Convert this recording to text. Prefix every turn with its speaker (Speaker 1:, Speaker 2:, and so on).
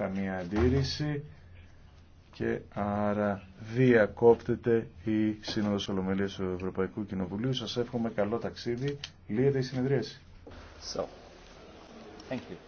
Speaker 1: καμία αντίρρηση και άρα διακόπτεται η Σύνοδος Ολομελίας του Ευρωπαϊκού Κοινοβουλίου. Σας εύχομαι καλό ταξίδι. Λύεται η συνεδρίαση. thank you.